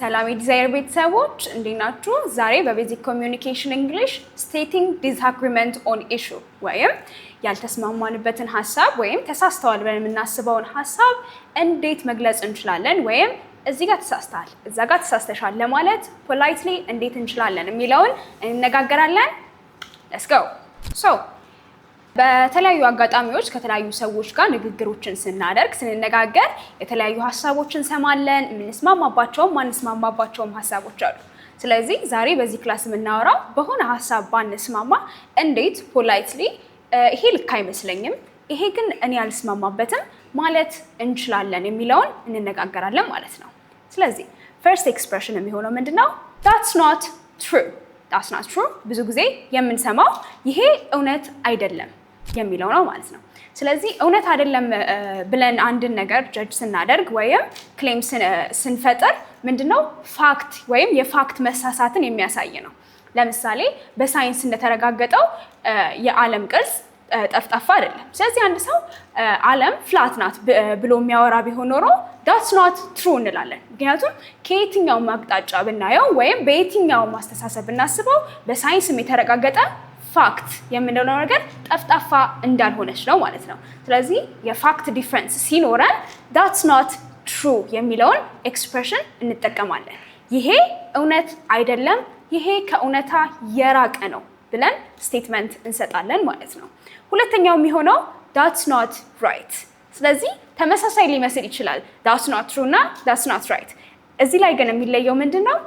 ሰላም የዲዛይር ቤተሰቦች እንዴት ናችሁ? ዛሬ በቤዚክ ኮሚኒኬሽን እንግሊሽ ስቴቲንግ ዲስአግሪመንት ኦን ኢሹ ወይም ያልተስማማንበትን ሀሳብ ወይም ተሳስተዋል ብለን የምናስበውን ሀሳብ እንዴት መግለጽ እንችላለን ወይም እዚህ ጋር ተሳስተሃል፣ እዛ ጋር ተሳስተሻል ለማለት ፖላይትሊ እንዴት እንችላለን የሚለውን እንነጋገራለን። ለትስ ጎ ሶ በተለያዩ አጋጣሚዎች ከተለያዩ ሰዎች ጋር ንግግሮችን ስናደርግ ስንነጋገር የተለያዩ ሀሳቦችን እንሰማለን። የምንስማማባቸውም ማንስማማባቸውም ሀሳቦች አሉ። ስለዚህ ዛሬ በዚህ ክላስ የምናወራው በሆነ ሀሳብ ባንስማማ እንዴት ፖላይትሊ ይሄ ልክ አይመስለኝም፣ ይሄ ግን እኔ አልስማማበትም ማለት እንችላለን የሚለውን እንነጋገራለን ማለት ነው። ስለዚህ ፈርስት ኤክስፕሬሽን የሚሆነው ምንድን ነው? ዳትስ ኖት ትሩ ዳትስ ናት ትሩ ብዙ ጊዜ የምንሰማው ይሄ እውነት አይደለም የሚለው ነው ማለት ነው። ስለዚህ እውነት አይደለም ብለን አንድን ነገር ጀጅ ስናደርግ ወይም ክሌም ስንፈጥር ምንድነው ፋክት ወይም የፋክት መሳሳትን የሚያሳይ ነው። ለምሳሌ በሳይንስ እንደተረጋገጠው የዓለም ቅርጽ ጠፍጣፋ አይደለም። ስለዚህ አንድ ሰው ዓለም ፍላት ናት ብሎ የሚያወራ ቢሆን ኖሮ ዳትስ ኖት ትሩ እንላለን። ምክንያቱም ከየትኛውም አቅጣጫ ብናየው ወይም በየትኛውም ማስተሳሰብ ብናስበው በሳይንስም የተረጋገጠ ፋክት የምንለው ነገር ጠፍጣፋ እንዳልሆነች ነው ማለት ነው። ስለዚህ የፋክት ዲፍረንስ ሲኖረን ዳትስ ናት ትሩ የሚለውን ኤክስፕሬሽን እንጠቀማለን። ይሄ እውነት አይደለም፣ ይሄ ከእውነታ የራቀ ነው ብለን ስቴትመንት እንሰጣለን ማለት ነው። ሁለተኛው የሚሆነው ዳትስ ናት ራይት። ስለዚህ ተመሳሳይ ሊመስል ይችላል ዳትስ ናት ትሩ እና ዳትስ ናት ራይት። እዚህ ላይ ግን የሚለየው ምንድን ነው?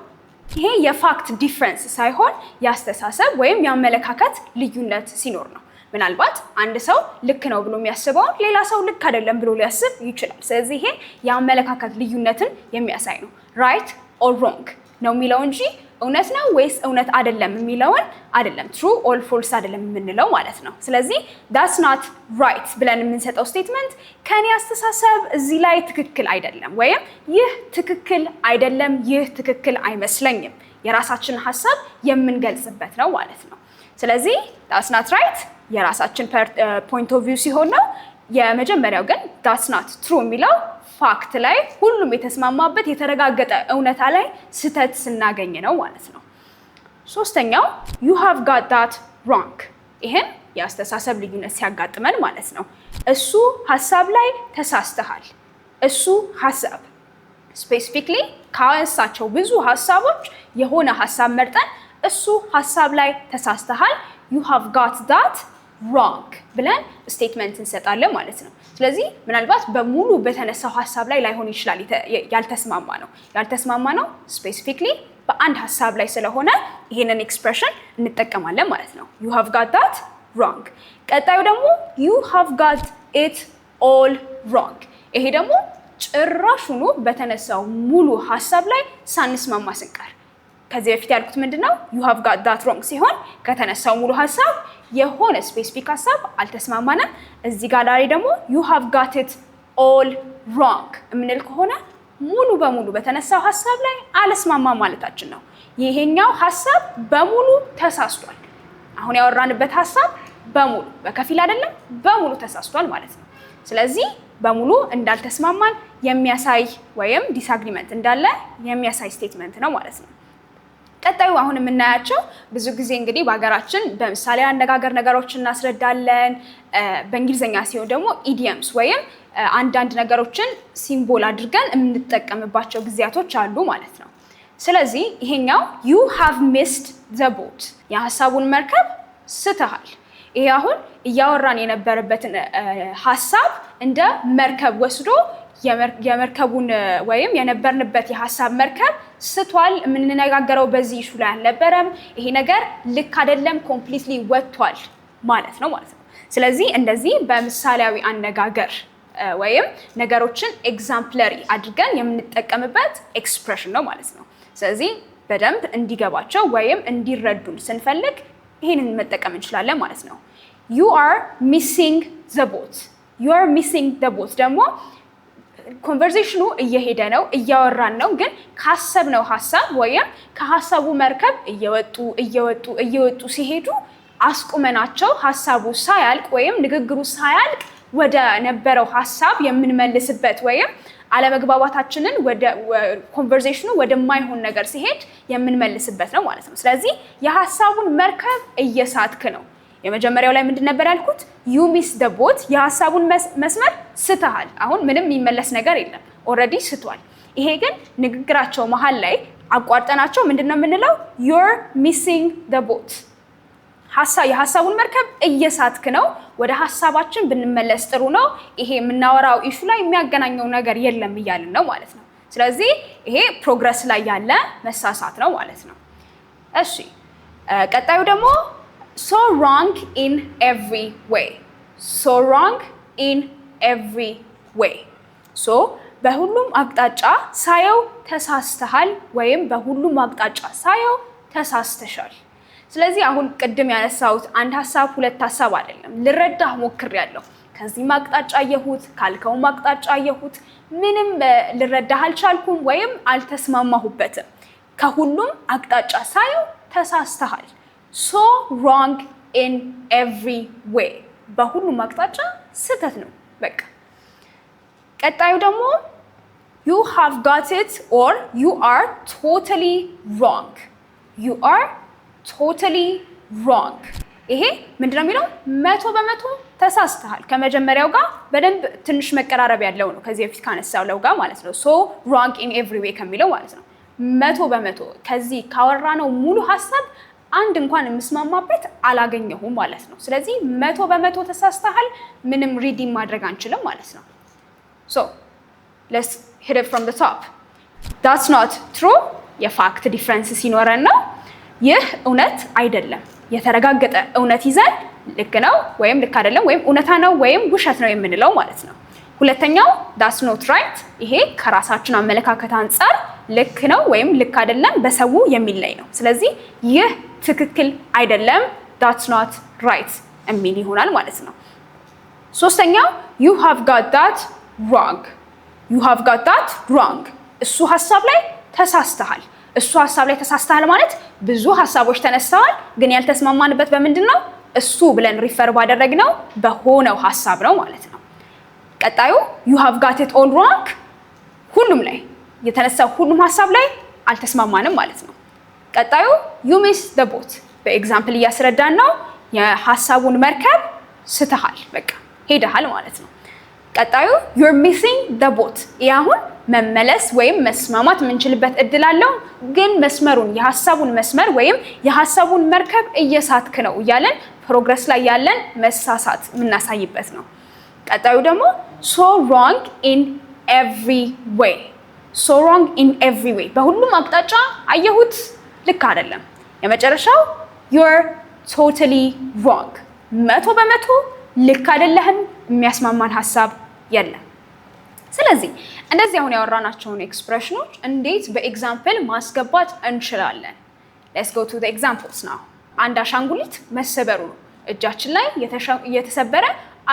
ይሄ የፋክት ዲፍረንስ ሳይሆን የአስተሳሰብ ወይም የአመለካከት ልዩነት ሲኖር ነው። ምናልባት አንድ ሰው ልክ ነው ብሎ የሚያስበውን ሌላ ሰው ልክ አይደለም ብሎ ሊያስብ ይችላል። ስለዚህ ይሄ የአመለካከት ልዩነትን የሚያሳይ ነው። ራይት ኦር ሮንግ ነው የሚለው እንጂ እውነት ነው ወይስ እውነት አይደለም የሚለውን አይደለም ትሩ ኦል ፎልስ አይደለም የምንለው ማለት ነው። ስለዚህ ዳስ ናት ራይት ብለን የምንሰጠው ስቴትመንት ከኔ አስተሳሰብ እዚህ ላይ ትክክል አይደለም ወይም ይህ ትክክል አይደለም፣ ይህ ትክክል አይመስለኝም የራሳችን ሀሳብ የምንገልጽበት ነው ማለት ነው። ስለዚህ ዳስ ናት ራይት የራሳችን ፖይንት ኦፍ ቪው ሲሆን ነው። የመጀመሪያው ግን ዳስ ናት ትሩ የሚለው ፋክት ላይ ሁሉም የተስማማበት የተረጋገጠ እውነታ ላይ ስህተት ስናገኝ ነው ማለት ነው። ሶስተኛው ዩ ሃቭ ጋት ዳት ሮንግ፣ ይህም የአስተሳሰብ ልዩነት ሲያጋጥመን ማለት ነው። እሱ ሀሳብ ላይ ተሳስተሃል። እሱ ሀሳብ ስፔሲፊክሊ ካነሳቸው ብዙ ሀሳቦች የሆነ ሀሳብ መርጠን እሱ ሀሳብ ላይ ተሳስተሃል ዩ ሃቭ ጋት ዳት ሮንግ ብለን ስቴትመንት እንሰጣለን ማለት ነው። ስለዚህ ምናልባት በሙሉ በተነሳው ሀሳብ ላይ ላይሆን ይችላል ያልተስማማ ነው ያልተስማማ ነው ስፔሲፊክሊ በአንድ ሀሳብ ላይ ስለሆነ ይህንን ኤክስፕሬሽን እንጠቀማለን ማለት ነው። ዩ ሃቭ ጋት ዳት ሮንግ። ቀጣዩ ደግሞ ዩ ሃቭ ጋት ኢት ኦል ሮንግ። ይሄ ደግሞ ጭራሹኑ በተነሳው ሙሉ ሀሳብ ላይ ሳንስማማ ስንቀር ከዚህ በፊት ያልኩት ምንድን ነው? ዩ ሃቭ ጋት ዳት ሮንግ ሲሆን ከተነሳው ሙሉ ሀሳብ የሆነ ስፔሲፊክ ሀሳብ አልተስማማንም፣ እዚህ ጋር ዛሬ ደግሞ ዩ ሃቭ ጋት ኢት ኦል ሮንግ የምንል ከሆነ ሙሉ በሙሉ በተነሳው ሀሳብ ላይ አለስማማ ማለታችን ነው። ይሄኛው ሀሳብ በሙሉ ተሳስቷል። አሁን ያወራንበት ሀሳብ በሙሉ በከፊል አይደለም፣ በሙሉ ተሳስቷል ማለት ነው። ስለዚህ በሙሉ እንዳልተስማማን የሚያሳይ ወይም ዲስአግሪመንት እንዳለ የሚያሳይ ስቴትመንት ነው ማለት ነው። ቀጣዩ አሁን የምናያቸው ብዙ ጊዜ እንግዲህ በሀገራችን በምሳሌ አነጋገር ነገሮችን እናስረዳለን። በእንግሊዝኛ ሲሆን ደግሞ ኢዲየምስ ወይም አንዳንድ ነገሮችን ሲምቦል አድርገን የምንጠቀምባቸው ጊዜያቶች አሉ ማለት ነው። ስለዚህ ይሄኛው ዩ ሃቭ ሚስድ ዘ ቦት የሀሳቡን መርከብ ስተሃል። ይሄ አሁን እያወራን የነበረበትን ሀሳብ እንደ መርከብ ወስዶ የመርከቡን ወይም የነበርንበት የሀሳብ መርከብ ስቷል። የምንነጋገረው በዚህ ኢሹ ላይ አልነበረም። ይሄ ነገር ልክ አይደለም፣ ኮምፕሊትሊ ወጥቷል ማለት ነው ማለት ነው። ስለዚህ እንደዚህ በምሳሌያዊ አነጋገር ወይም ነገሮችን ኤግዛምፕለሪ አድርገን የምንጠቀምበት ኤክስፕሬሽን ነው ማለት ነው። ስለዚህ በደንብ እንዲገባቸው ወይም እንዲረዱን ስንፈልግ ይህንን መጠቀም እንችላለን ማለት ነው። ዩ አር ሚሲንግ ዘ ቦት ዩ አር ሚሲንግ ዘ ቦት ደግሞ ኮንቨርዜሽኑ እየሄደ ነው፣ እያወራን ነው። ግን ካሰብነው ሀሳብ ወይም ከሀሳቡ መርከብ እየወጡ እየወጡ እየወጡ ሲሄዱ አስቁመናቸው ሀሳቡ ሳያልቅ ወይም ንግግሩ ሳያልቅ ወደ ነበረው ሀሳብ የምንመልስበት ወይም አለመግባባታችንን ወደ ኮንቨርዜሽኑ ወደማይሆን ነገር ሲሄድ የምንመልስበት ነው ማለት ነው። ስለዚህ የሀሳቡን መርከብ እየሳትክ ነው። የመጀመሪያው ላይ ምንድን ነበር ያልኩት? ዩ ሚስ ደ ቦት የሀሳቡን መስመር ስተሃል። አሁን ምንም የሚመለስ ነገር የለም፣ ኦልሬዲ ስቷል። ይሄ ግን ንግግራቸው መሀል ላይ አቋርጠናቸው ምንድን ነው የምንለው? ዩር ሚሲንግ ደ ቦት የሀሳቡን መርከብ እየሳትክ ነው። ወደ ሀሳባችን ብንመለስ ጥሩ ነው። ይሄ የምናወራው ኢሹ ላይ የሚያገናኘው ነገር የለም እያልን ነው ማለት ነው። ስለዚህ ይሄ ፕሮግረስ ላይ ያለ መሳሳት ነው ማለት ነው። እሺ ቀጣዩ ደግሞ so wrong in every way so wrong in every way ሶ በሁሉም አቅጣጫ ሳየው ተሳስተሃል ወይም በሁሉም አቅጣጫ ሳየው ተሳስተሻል። ስለዚህ አሁን ቅድም ያነሳሁት አንድ ሀሳብ ሁለት ሀሳብ አይደለም። ልረዳህ ሞክሬያለሁ። ከዚህም አቅጣጫ አየሁት፣ ካልከውም አቅጣጫ አየሁት፣ ምንም ልረዳህ አልቻልኩም ወይም አልተስማማሁበትም። ከሁሉም አቅጣጫ ሳየው ተሳስተሃል። ሶ ሮንግ ኢን ኤቭሪ ዌይ በሁሉም አቅጣጫ ስህተት ነው። በቃ ቀጣዩ ደግሞ ዩ ሃቭ ጋት ኢት ኦር ዩ አር ቶታሊ ሮንግ፣ ዩ አር ቶታሊ ሮንግ። ይሄ ምንድን ነው የሚለው መቶ በመቶ ተሳስተሃል። ከመጀመሪያው ጋር በደንብ ትንሽ መቀራረብ ያለው ነው ከዚህ በፊት ካነሳለው ጋር ማለት ነው። ሶ ሮንግ ኢን ኤቭሪ ዌይ ከሚለው ማለት ነው መቶ በመቶ ከዚህ ካወራ ነው ሙሉ ሀሳብ አንድ እንኳን የምስማማበት አላገኘሁም ማለት ነው። ስለዚህ መቶ በመቶ ተሳስተሃል፣ ምንም ሪዲም ማድረግ አንችልም ማለት ነው። ሶ ፍሮም ዘ ቶፕ ዳትስ ኖት ትሩ የፋክት ዲፍረንስ ሲኖረን ነው። ይህ እውነት አይደለም። የተረጋገጠ እውነት ይዘን ልክ ነው ወይም ልክ አይደለም ወይም እውነታ ነው ወይም ውሸት ነው የምንለው ማለት ነው። ሁለተኛው ዳስ ኖት ራይት፣ ይሄ ከራሳችን አመለካከት አንጻር ልክ ነው ወይም ልክ አይደለም በሰው የሚለይ ነው። ስለዚህ ይህ ትክክል አይደለም ዳትስ ኖት ራይት የሚል ይሆናል ማለት ነው። ሶስተኛው ዩ ሃቭ ጋት ዳት ሮንግ፣ ዩ ሃቭ ጋት ዳት ሮንግ፣ እሱ ሀሳብ ላይ ተሳስተሃል። እሱ ሀሳብ ላይ ተሳስተሃል ማለት ብዙ ሀሳቦች ተነስተዋል፣ ግን ያልተስማማንበት በምንድን ነው? እሱ ብለን ሪፈር ባደረግነው በሆነው ሀሳብ ነው ማለት ነው። ቀጣዩ ዩ ሃቭ ጋት ኢት ኦል ሮንግ፣ ሁሉም ላይ የተነሳው ሁሉም ሀሳብ ላይ አልተስማማንም ማለት ነው። ቀጣዩ ዩሚስ ደቦት በኤግዛምፕል እያስረዳን ነው። የሀሳቡን መርከብ ስትሃል፣ በቃ ሄደሃል ማለት ነው። ቀጣዩ ዩር ሚሲንግ ደቦት ይህ አሁን መመለስ ወይም መስማማት የምንችልበት እድል አለው፣ ግን መስመሩን የሀሳቡን መስመር ወይም የሀሳቡን መርከብ እየሳትክ ነው እያለን ፕሮግረስ ላይ ያለን መሳሳት የምናሳይበት ነው። ቀጣዩ ደግሞ ሶ ሮንግ ኢን ኤቭሪ ዌይ ሶ ሮንግ ኢን ኤቭሪ ዌይ በሁሉም አቅጣጫ አየሁት ልክ አይደለም። የመጨረሻው ዩር ቶታሊ ሮንግ፣ መቶ በመቶ ልክ አይደለህም። የሚያስማማን ሀሳብ የለም። ስለዚህ እንደዚህ አሁን ያወራናቸውን ኤክስፕሬሽኖች እንዴት በኤግዛምፕል ማስገባት እንችላለን? ሌትስ ጎ ቱ ኤግዛምፕልስ ናው። አንድ አሻንጉሊት መሰበሩ ነው። እጃችን ላይ የተሰበረ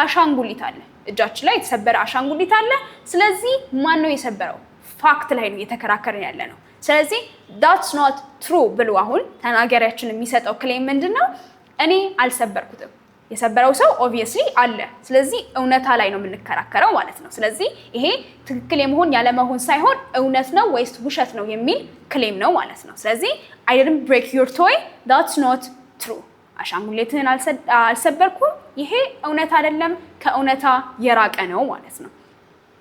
አሻንጉሊት አለ። እጃችን ላይ የተሰበረ አሻንጉሊት አለ። ስለዚህ ማን ነው የሰበረው? ፋክት ላይ ነው እየተከራከርን ያለ ነው። ስለዚህ ዳትስ ኖት ትሩ ብሎ አሁን ተናገሪያችን የሚሰጠው ክሌም ምንድን ነው? እኔ አልሰበርኩትም። የሰበረው ሰው ኦብቪየስሊ አለ። ስለዚህ እውነታ ላይ ነው የምንከራከረው ማለት ነው። ስለዚህ ይሄ ትክክል የመሆን ያለመሆን ሳይሆን እውነት ነው ወይስ ውሸት ነው የሚል ክሌም ነው ማለት ነው። ስለዚህ አይ ዲድንት ብሬክ ዩር ቶይ ዳትስ ኖት ትሩ፣ አሻንጉሌትህን አልሰበርኩም፣ ይሄ እውነት አይደለም፣ ከእውነታ የራቀ ነው ማለት ነው።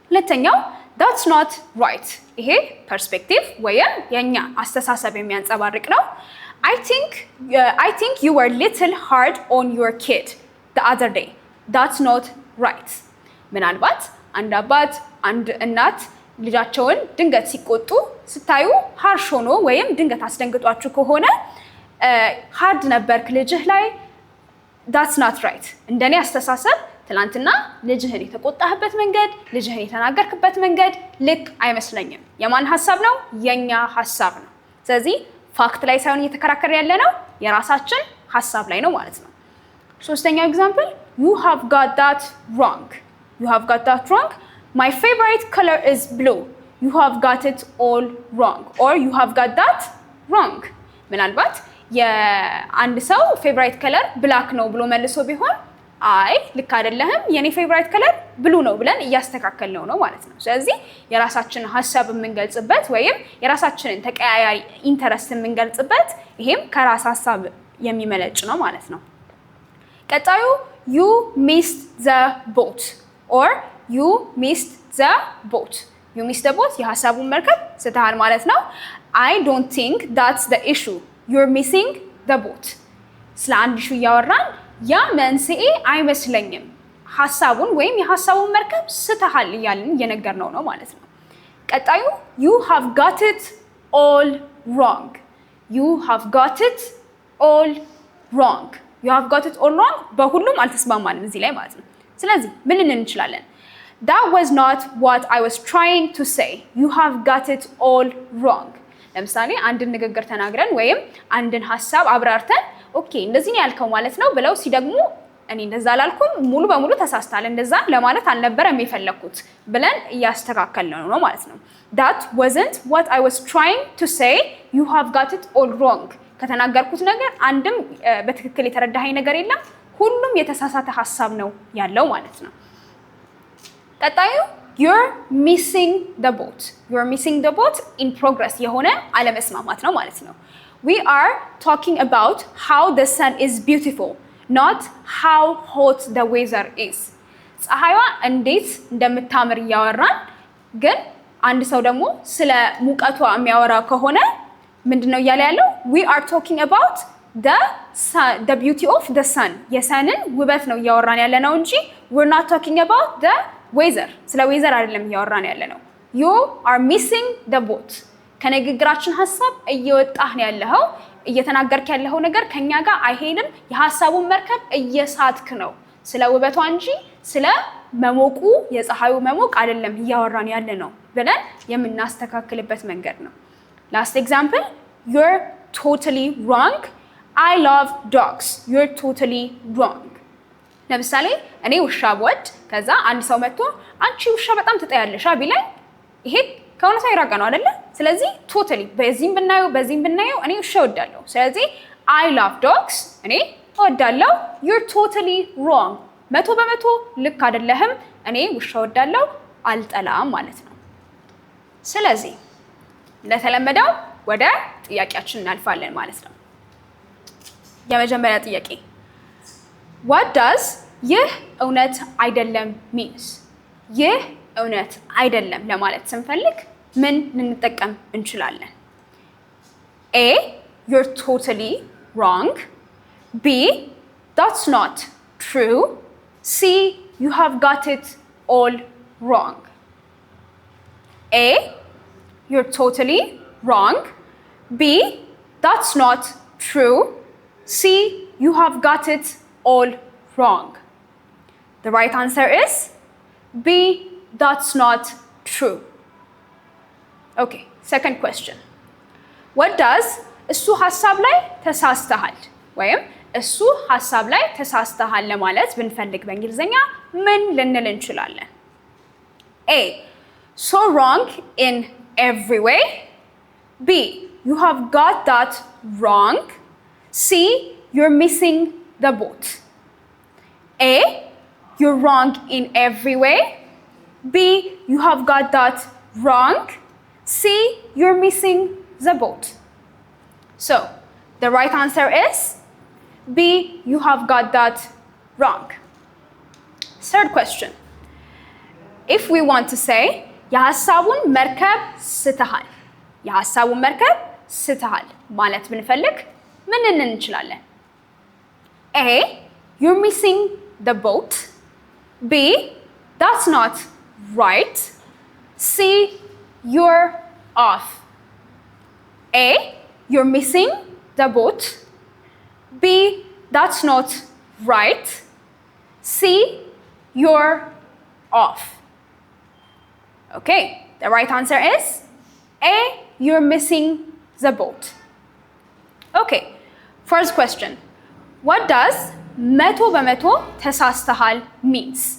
ሁለተኛው ዳትስ ኖት ራይት። ይሄ ፐርስፔክቲቭ ወይም የእኛ አስተሳሰብ የሚያንጸባርቅ ነው። አይ ቲንክ ዩ ወር ሊትል ሃርድ ኦን ዩር ኪድ ዘ አዘር ዴይ ዳትስ ኖት ራይት። ምናልባት አንድ አባት አንድ እናት ልጃቸውን ድንገት ሲቆጡ ስታዩ ሀርሽ ሆኖ ወይም ድንገት አስደንግጧችሁ ከሆነ ሃርድ uh, ነበርክ ልጅህ ላይ ዳትስ ናት ራይት እንደኔ አስተሳሰብ ትላንትና ልጅህን የተቆጣህበት መንገድ፣ ልጅህን የተናገርክበት መንገድ ልክ አይመስለኝም። የማን ሀሳብ ነው? የኛ ሀሳብ ነው። ስለዚህ ፋክት ላይ ሳይሆን እየተከራከረ ያለ ነው የራሳችን ሀሳብ ላይ ነው ማለት ነው። ሶስተኛው ኤግዛምፕል ዩ ሃቭ ጋት ዳት ሮንግ፣ ዩ ሃቭ ጋት ዳት ሮንግ፣ ማይ ፌቨሪት ከለር ኢዝ ብሉ፣ ዩ ሃቭ ጋት ኢት ኦል ሮንግ ኦር ዩ ሃቭ ጋት ዳት ሮንግ። ምናልባት የአንድ ሰው ፌቨራይት ከለር ብላክ ነው ብሎ መልሶ ቢሆን አይ ልክ አይደለህም፣ የኔ ፌቨራይት ከለር ብሉ ነው ብለን እያስተካከልነው ነው ማለት ነው። ስለዚህ የራሳችንን ሀሳብ የምንገልጽበት ወይም የራሳችንን ተቀያያሪ ኢንተረስት የምንገልጽበት ይሄም ከራስ ሀሳብ የሚመለጭ ነው ማለት ነው። ቀጣዩ ዩ ሚስት ዘ ቦት ኦር ዩ ሚስት ዘ ቦት ዩ ሚስት ዘ ቦት የሀሳቡን መርከብ ስተሃል ማለት ነው። አይ ዶንት ቲንክ ዳትስ ዘ ኢሹ ዩር ሚሲንግ ዘ ቦት ስለ አንድ ኢሹ እያወራን ያ መንስኤ አይመስለኝም ሀሳቡን ወይም የሀሳቡን መርከብ ስተሃል እያልን እየነገርነው ነው ማለት ነው። ቀጣዩ ዩ ሃቭ ጋት ኢት ኦል ሮንግ፣ ዩ ሃቭ ጋት ኢት ኦል ሮንግ፣ ዩ ሃቭ ጋት ኢት ኦል ሮንግ። በሁሉም አልተስማማንም እዚህ ላይ ማለት ነው። ስለዚህ ምን ልንል እንችላለን? ዳት ዋዝ ኖት ዋት አይ ዋዝ ትራይንግ ቱ ሴይ፣ ዩ ሃቭ ጋት ኢት ኦል ሮንግ። ለምሳሌ አንድን ንግግር ተናግረን ወይም አንድን ሀሳብ አብራርተን ኦኬ እንደዚህ ነው ያልከው ማለት ነው ብለው ሲደግሙ እኔ እንደዛ አላልኩም፣ ሙሉ በሙሉ ተሳስታል፣ እንደዛ ለማለት አልነበረም የፈለግኩት ብለን እያስተካከል ነው ማለት ነው። ዳት ወዘንት ዋት አይ ዋዝ ትራይንግ ቱ ሴይ ዩ ሃቭ ጋት ኢት ኦል ሮንግ። ከተናገርኩት ነገር አንድም በትክክል የተረዳኸኝ ነገር የለም፣ ሁሉም የተሳሳተ ሀሳብ ነው ያለው ማለት ነው። ቀጣዩ ዩር ሚሲንግ ቦት፣ ዩር ሚሲንግ ቦት ኢን ፕሮግረስ የሆነ አለመስማማት ነው ማለት ነው። we are talking about how the sun is beautiful, not how hot the weather is. ፀሐይዋ እንዴት እንደምታምር እያወራን ግን አንድ ሰው ደግሞ ስለ ሙቀቷ የሚያወራ ከሆነ ምንድን ነው እያለ ያለው? ዊ አር ቶኪንግ አባውት ደ ቢዩቲ ኦፍ ደ ሰን የሰንን ውበት ነው እያወራን ያለ ነው እንጂ ዊር ናት ቶኪንግ አባውት ደ ዌዘር ስለ ዌዘር አይደለም እያወራን ያለ ነው። ዩ አር ሚሲንግ ደ ቦት ከንግግራችን ሀሳብ እየወጣህ ነው ያለኸው። እየተናገርክ ያለኸው ነገር ከኛ ጋር አይሄንም። የሀሳቡን መርከብ እየሳትክ ነው። ስለ ውበቷ እንጂ ስለ መሞቁ የፀሐዩ መሞቅ አይደለም እያወራን ያለ ነው ብለን የምናስተካክልበት መንገድ ነው። ላስት ኤግዛምፕል ዩር ቶታሊ ሮንግ አይ ላቭ ዶግስ ዩር ቶታሊ ሮንግ። ለምሳሌ እኔ ውሻ ብወድ ከዛ አንድ ሰው መጥቶ አንቺ ውሻ በጣም ትጠያለሽ ቢላይ ይሄ ከእውነታ የራቀ ነው አይደለ? ስለዚህ ቶታሊ በዚህም ብናየው በዚህም ብናየው እኔ ውሻ እወዳለሁ። ስለዚህ አይ ላቭ ዶግስ እኔ እወዳለሁ። ዩር ቶታሊ ሮንግ፣ መቶ በመቶ ልክ አይደለህም። እኔ ውሻ እወዳለሁ አልጠላም ማለት ነው። ስለዚህ እንደተለመደው ወደ ጥያቄያችን እናልፋለን ማለት ነው። የመጀመሪያ ጥያቄ ዋት ዳዝ ይህ እውነት አይደለም ሚንስ ይህ A, you're totally wrong፣ B, that's not true፣ C, you have got it all wrong። A, you're totally wrong፣ B, that's not true፣ C, you have got it all wrong። The right answer is B that's not true. Okay, second question. What does እሱ ሀሳብ ላይ ተሳስተሃል ወይም እሱ ሀሳብ ላይ ተሳስተሃል ለማለት ብንፈልግ በእንግሊዝኛ ምን ልንል so wrong in every way. B. You have got that wrong. C. You're missing the boat. A. You're wrong in every way. B, you have got that wrong. C, you're missing the boat. So the right answer is B, you have got that wrong. Third question. If we want to say የሐሳቡን መርከብ ስተሃል፣ የሐሳቡን መርከብ ስተሃል ማለት ብንፈልግ ምን ልንል እንችላለን? A, you're missing the boat. B, that's not right. C, you're off. A, you're missing the boat. B, that's not right. C, you're off. Okay, the right answer is A, you're missing the boat. Okay, first question. What does meto meto tesastahal means?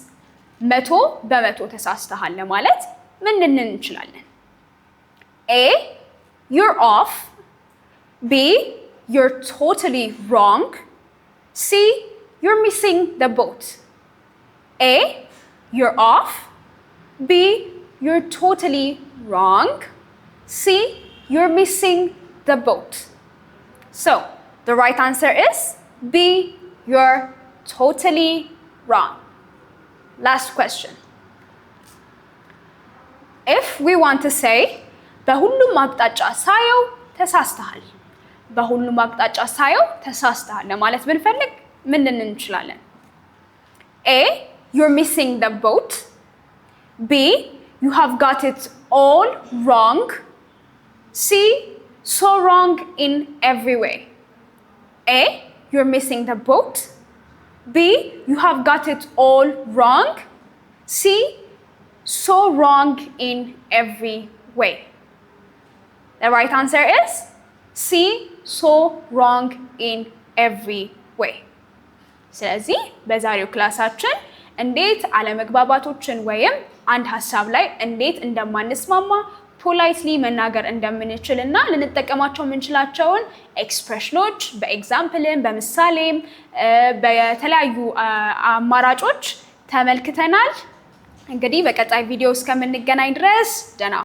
መቶ በመቶ ተሳስተሃል ለማለት ምን ልንል እንችላለን? ኤ you're off፣ B, you're totally wrong፣ C, you're missing the boat። A, you're off፣ B, you're totally wrong፣ C, you're missing the boat። So the right answer is B you're totally wrong። Last question. ኢፍ ዊ ዋንት ሴይ በሁሉም አቅጣጫ ሳየው ተሳስተሃል፣ በሁሉም አቅጣጫ ሳየው ተሳስተሃል ለማለት ብንፈልግ ምን ልንን እንችላለን? ኤ ዩር ሚሲንግ ደ ቦት፣ ቢ ዩ ሃቭ ጋት ኢት ኦል ሮንግ፣ ሲ ሶ ሮንግ ኢን ኤቭሪ ዌይ። ኤ ዩር ሚሲንግ ደ ቦት B. You have got it all wrong. C. So wrong in every way. The right answer is C. So wrong in every way. ስለዚህ በዛሬው ክላሳችን እንዴት አለመግባባቶችን ወይም አንድ ሀሳብ ላይ እንዴት እንደማንስማማ ፖላይትሊ መናገር እንደምንችል እና ልንጠቀማቸው የምንችላቸውን ኤክስፕሬሽኖች በኤግዛምፕልም በምሳሌም በተለያዩ አማራጮች ተመልክተናል። እንግዲህ በቀጣይ ቪዲዮ እስከምንገናኝ ድረስ ደህና